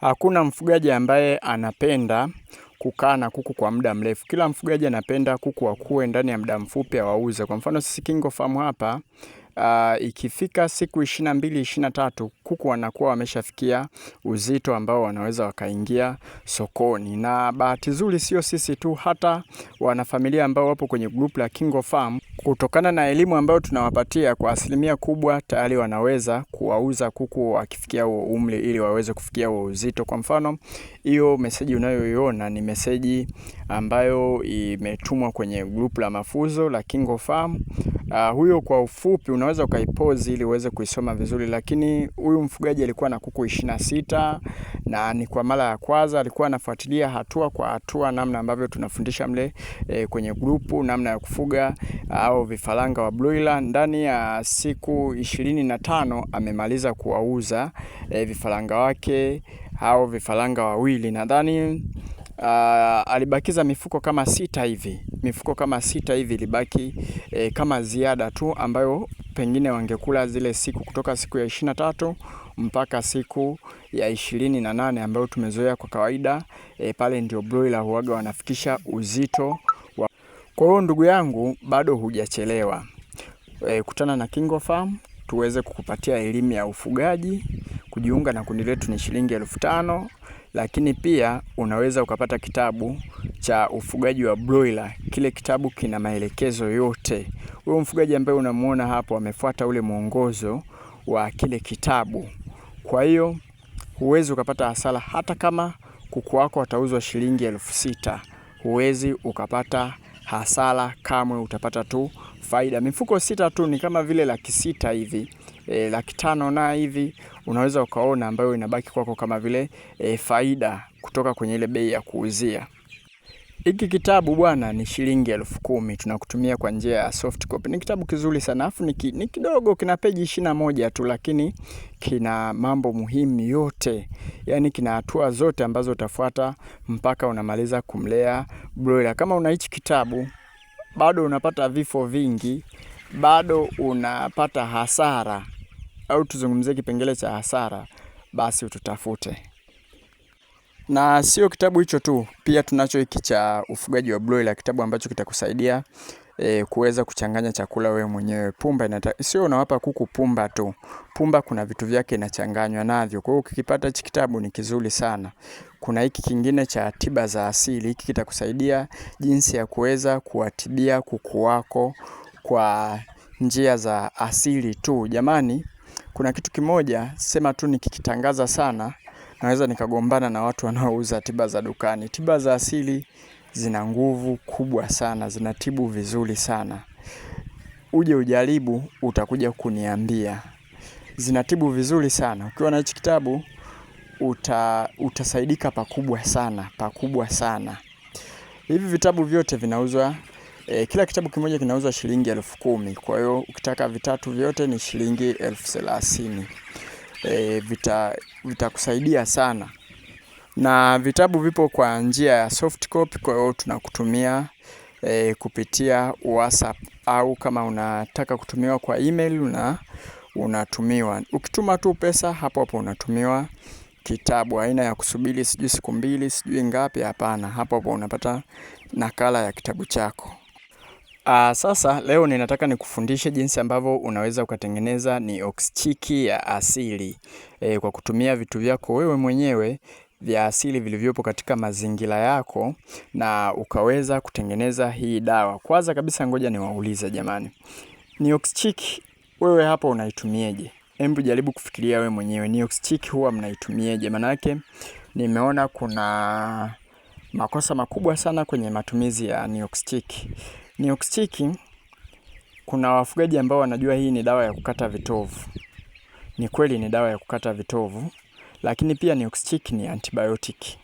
Hakuna mfugaji ambaye anapenda kukaa na kuku kwa muda mrefu. Kila mfugaji anapenda kuku wakue ndani ya muda mfupi awauze. Kwa mfano sisi Kingo Farm hapa uh, ikifika siku ishirini na mbili ishirini na tatu kuku wanakuwa wameshafikia uzito ambao wanaweza wakaingia sokoni. Na bahati nzuri sio sisi tu, hata wanafamilia ambao wapo kwenye group la Kingo Farm kutokana na elimu ambayo tunawapatia kwa asilimia kubwa tayari wanaweza kuwauza kuku wakifikia huo umri ili waweze kufikia huo uzito. Kwa mfano, hiyo meseji unayoiona ni meseji ambayo imetumwa kwenye grupu la mafuzo la Kingo Farm Uh, huyo kwa ufupi unaweza ukaipozi ili uweze kuisoma vizuri, lakini huyu mfugaji alikuwa na kuku ishirini na sita na ni kwa mara ya kwanza alikuwa anafuatilia hatua kwa hatua namna ambavyo tunafundisha mle e, kwenye grupu namna ya kufuga ah, au vifaranga wa broiler. Ndani ya siku ishirini na tano amemaliza kuwauza e, vifaranga wake au vifaranga wawili nadhani. Uh, alibakiza mifuko kama sita hivi mifuko kama sita hivi ilibaki e, kama ziada tu ambayo pengine wangekula zile siku kutoka siku ya ishirini na tatu mpaka siku ya ishirini na nane ambayo tumezoea kwa kawaida e, pale ndio broiler huaga wanafikisha uzito wa... Kwa hiyo ndugu yangu, bado hujachelewa e, kutana na KingoFarm tuweze kukupatia elimu ya ufugaji. Kujiunga na kundi letu ni shilingi elfu tano, lakini pia unaweza ukapata kitabu cha ufugaji wa broiler. Kile kitabu kina maelekezo yote. Huyo mfugaji ambaye unamuona hapo amefuata ule mwongozo wa kile kitabu. Kwa hiyo huwezi ukapata hasara, hata kama kuku wako watauzwa shilingi elfu sita huwezi ukapata hasara kamwe, utapata tu faida. Mifuko sita tu ni kama vile laki sita hivi e, laki tano na hivi unaweza ukaona, ambayo inabaki kwako kama vile e, faida kutoka kwenye ile bei ya kuuzia. Hiki kitabu bwana ni shilingi elfu kumi tunakutumia kwa njia ya soft copy. Ni kitabu kizuri sana afu ni kidogo, kina peji ishirini na moja tu, lakini kina mambo muhimu yote, yaani kina hatua zote ambazo utafuata mpaka unamaliza kumlea broiler. Kama una hichi kitabu, bado unapata vifo vingi, bado unapata hasara, au tuzungumzie kipengele cha hasara, basi ututafute. Na sio kitabu hicho tu, pia tunacho hiki cha ufugaji wa broiler, kitabu ambacho kitakusaidia E, kuweza kuchanganya chakula wewe mwenyewe. Pumba inata, sio unawapa kuku pumba tu. Pumba kuna vitu vyake inachanganywa navyo. Kwa hiyo ukikipata hichi kitabu ni kizuri sana. Kuna hiki kingine cha tiba za asili. Hiki kitakusaidia jinsi ya kuweza kuwatibia kuku wako kwa njia za asili tu. Jamani, kuna kitu kimoja sema tu nikikitangaza sana naweza nikagombana na watu wanaouza tiba za dukani. Tiba za asili zina nguvu kubwa sana, zinatibu vizuri sana. Uje ujaribu, utakuja kuniambia. Zinatibu vizuri sana. Ukiwa na hichi kitabu uta, utasaidika pakubwa sana, pakubwa sana. Hivi vitabu vyote vinauzwa eh, kila kitabu kimoja kinauzwa shilingi elfu kumi. Kwa hiyo ukitaka vitatu vyote ni shilingi elfu thelathini e, vitakusaidia sana, na vitabu vipo kwa njia ya soft copy, kwa hiyo tunakutumia e, kupitia WhatsApp au kama unataka kutumiwa kwa email una unatumiwa ukituma tu pesa hapo hapo unatumiwa kitabu. Aina ya kusubiri sijui siku mbili sijui ngapi, hapana, hapo hapo unapata nakala ya kitabu chako. Uh, sasa leo ninataka nikufundishe jinsi ambavyo unaweza ukatengeneza niox ya asili e, kwa kutumia vitu vyako wewe mwenyewe vya asili vilivyopo katika mazingira yako na ukaweza kutengeneza hii dawa. Kwanza kabisa ngoja niwaulize jamani. Niox wewe hapo unaitumieje? Hebu jaribu kufikiria wewe mwenyewe niox huwa mnaitumieje? Manake nimeona kuna makosa makubwa sana kwenye matumizi ya niox Neoxtiki kuna wafugaji ambao wanajua hii ni dawa ya kukata vitovu. Ni kweli ni dawa ya kukata vitovu, lakini pia Neoxtiki ni antibiotic. Uh,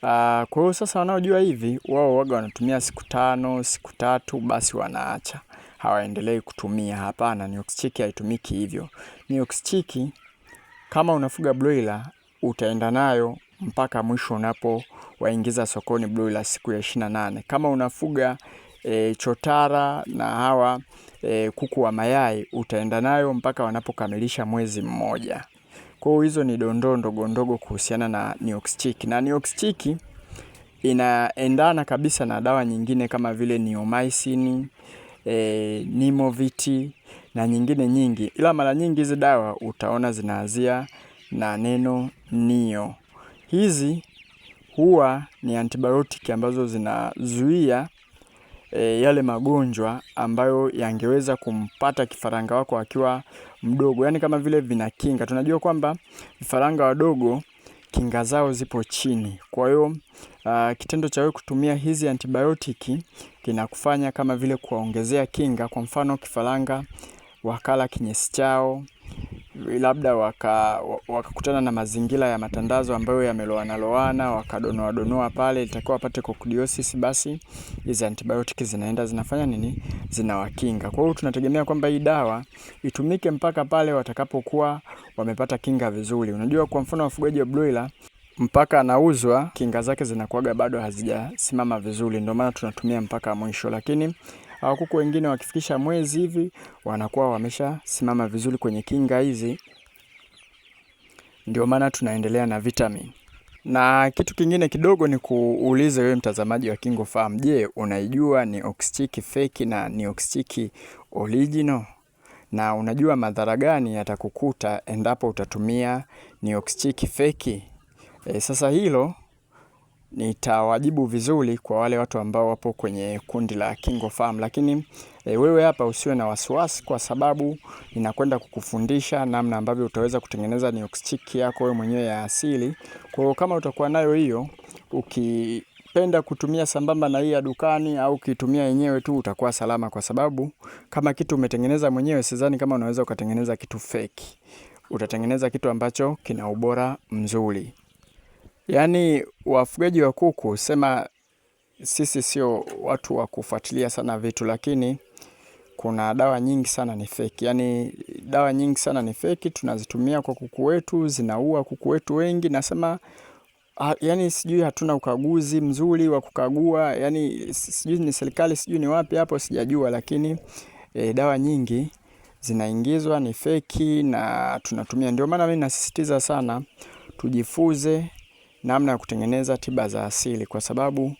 Kwa hiyo sasa wanaojua hivi wao waga wanatumia siku tano, siku tatu basi wanaacha. Hawaendelei kutumia hapana, Neoxtiki haitumiki hivyo. Neoxtiki kama unafuga broiler utaenda nayo mpaka mwisho unapowaingiza sokoni broiler siku ya 28. Kama unafuga e, chotara na hawa e, kuku wa mayai utaenda nayo mpaka wanapokamilisha mwezi mmoja. Kwa hiyo hizo ni dondoo ndogo ndogo kuhusiana na Nioxtic, na Nioxtic inaendana kabisa na dawa nyingine kama vile Neomycin, e, Nimovit na nyingine nyingi, ila mara nyingi hizi dawa utaona zinaanzia na neno nio. Hizi huwa ni antibiotic ambazo zinazuia e, yale magonjwa ambayo yangeweza kumpata kifaranga wako akiwa mdogo, yaani kama vile vina kinga. Tunajua kwamba vifaranga wadogo kinga zao zipo chini, kwa hiyo uh, kitendo cha wewe kutumia hizi antibiotiki kinakufanya kama vile kuwaongezea kinga. Kwa mfano kifaranga wakala kinyesi chao labda wakakutana waka na mazingira ya matandazo ambayo yameloana loana, wakadonoa donoa pale, itakiwa wapate kokidiosis, basi hizi antibiotic zinaenda zinafanya nini, zinawakinga. Kwa hiyo tunategemea kwamba hii dawa itumike mpaka pale watakapokuwa wamepata kinga vizuri. Unajua, kwa mfano wafugaji wa broiler mpaka anauzwa kinga zake zinakuwaga bado hazijasimama vizuri, ndio maana tunatumia mpaka mwisho, lakini kuku wengine wakifikisha mwezi hivi wanakuwa wamesha simama vizuri kwenye kinga hizi. Ndio maana tunaendelea na vitamin. Na kitu kingine kidogo ni kuulize wewe mtazamaji wa Kingo Farm, je, unaijua ni oxytic fake na ni oxytic original? Na unajua madhara gani yatakukuta endapo utatumia ni oxytic fake? E, sasa hilo nitawajibu vizuri kwa wale watu ambao wapo kwenye kundi la KingoFarm, lakini e, wewe hapa usiwe na wasiwasi, kwa sababu ninakwenda kukufundisha namna ambavyo utaweza kutengeneza nioxstick yako wewe mwenyewe ya asili. Kwa hiyo kama utakuwa nayo hiyo, ukipenda kutumia sambamba na hii ya dukani au ukitumia yenyewe tu utakuwa salama, kwa sababu kama kitu umetengeneza mwenyewe, sidhani kama unaweza ukatengeneza kitu feki. Utatengeneza kitu ambacho kina ubora mzuri. Yaani wafugaji wa kuku sema sisi sio watu wa kufuatilia sana vitu, lakini kuna dawa nyingi sana ni feki. Yaani dawa nyingi sana ni feki, tunazitumia kwa kuku wetu, zinaua kuku wetu wengi. Nasema yaani sijui hatuna ukaguzi mzuri wa kukagua, yaani sijui ni serikali, sijui ni wapi hapo, sijajua, lakini e, dawa nyingi zinaingizwa ni feki na tunatumia. Ndio maana mimi nasisitiza sana tujifunze namna ya kutengeneza tiba za asili, kwa sababu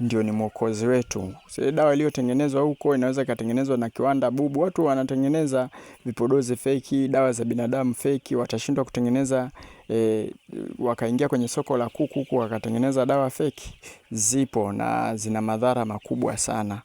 ndio ni mwokozi wetu. dawa iliyotengenezwa huko, inaweza ikatengenezwa na kiwanda bubu. Watu wanatengeneza vipodozi feki, dawa za binadamu feki, watashindwa kutengeneza e, wakaingia kwenye soko la kuku huku wakatengeneza dawa feki. Zipo na zina madhara makubwa sana.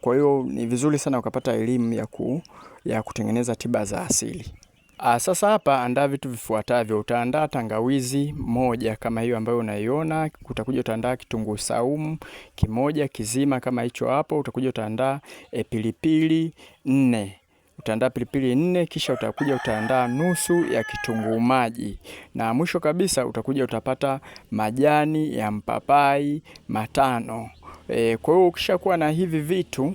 Kwa hiyo ni vizuri sana ukapata elimu ya, ku, ya kutengeneza tiba za asili. Aa, ah, sasa hapa andaa vitu vifuatavyo. Utaandaa tangawizi moja kama hiyo ambayo unaiona, utakuja utaandaa kitunguu saumu kimoja kizima kama hicho hapo, utakuja utaandaa e, pilipili nne utaandaa pilipili nne, kisha utakuja utaandaa nusu ya kitunguu maji, na mwisho kabisa utakuja utapata majani ya mpapai matano. E, kwa hiyo ukishakuwa na hivi vitu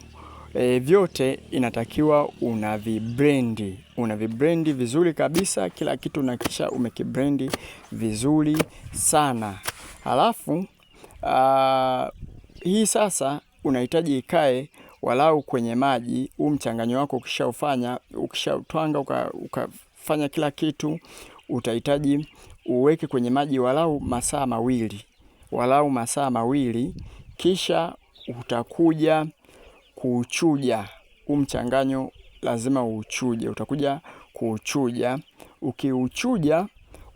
e, vyote inatakiwa una vibrendi una vibrendi vizuri kabisa, kila kitu unakisha umekibrendi vizuri sana, halafu aa, hii sasa unahitaji ikae walau kwenye maji. Huu mchanganyo wako ukishaufanya, ukishautwanga ukafanya uka kila kitu, utahitaji uweke kwenye maji walau masaa mawili, walau masaa mawili, kisha utakuja kuuchuja huu mchanganyo, lazima uuchuje. Utakuja kuuchuja, ukiuchuja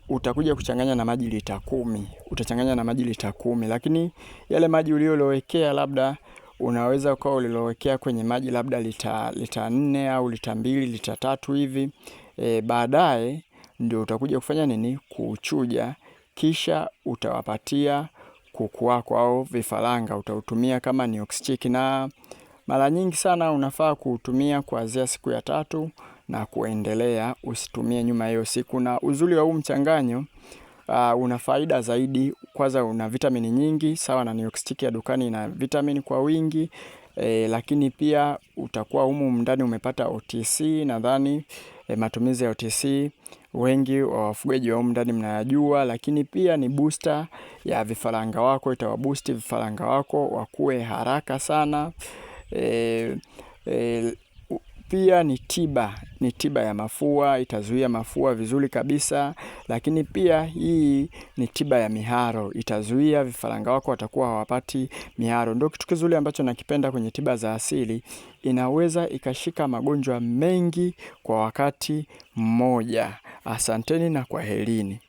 utakuja kuchanganya na maji lita kumi, utachanganya na maji lita kumi, lakini yale maji uliyolowekea labda unaweza ukawa ulilowekea kwenye maji labda lita lita nne au lita mbili lita tatu hivi e, baadaye ndio utakuja kufanya nini? Kuuchuja, kisha utawapatia kuku wako au vifaranga. Utautumia kama ni oxychick na mara nyingi sana unafaa kuutumia kuanzia siku ya tatu na kuendelea, usitumie nyuma hiyo siku. Na uzuri wa huu mchanganyo uh, una faida zaidi, kwanza una vitamini nyingi, sawa na nioxitiki ya dukani ina vitamini kwa wingi, e, lakini pia utakuwa humu ndani umepata OTC nadhani e, matumizi ya OTC wengi wa wafugaji wa humu ndani mnayajua, lakini pia ni booster ya vifaranga wako, itawaboost vifaranga wako wakue haraka sana e, e, pia ni tiba, ni tiba ya mafua, itazuia mafua vizuri kabisa. Lakini pia hii ni tiba ya miharo, itazuia vifaranga wako watakuwa hawapati miharo. Ndio kitu kizuri ambacho nakipenda kwenye tiba za asili, inaweza ikashika magonjwa mengi kwa wakati mmoja. Asanteni na kwaherini.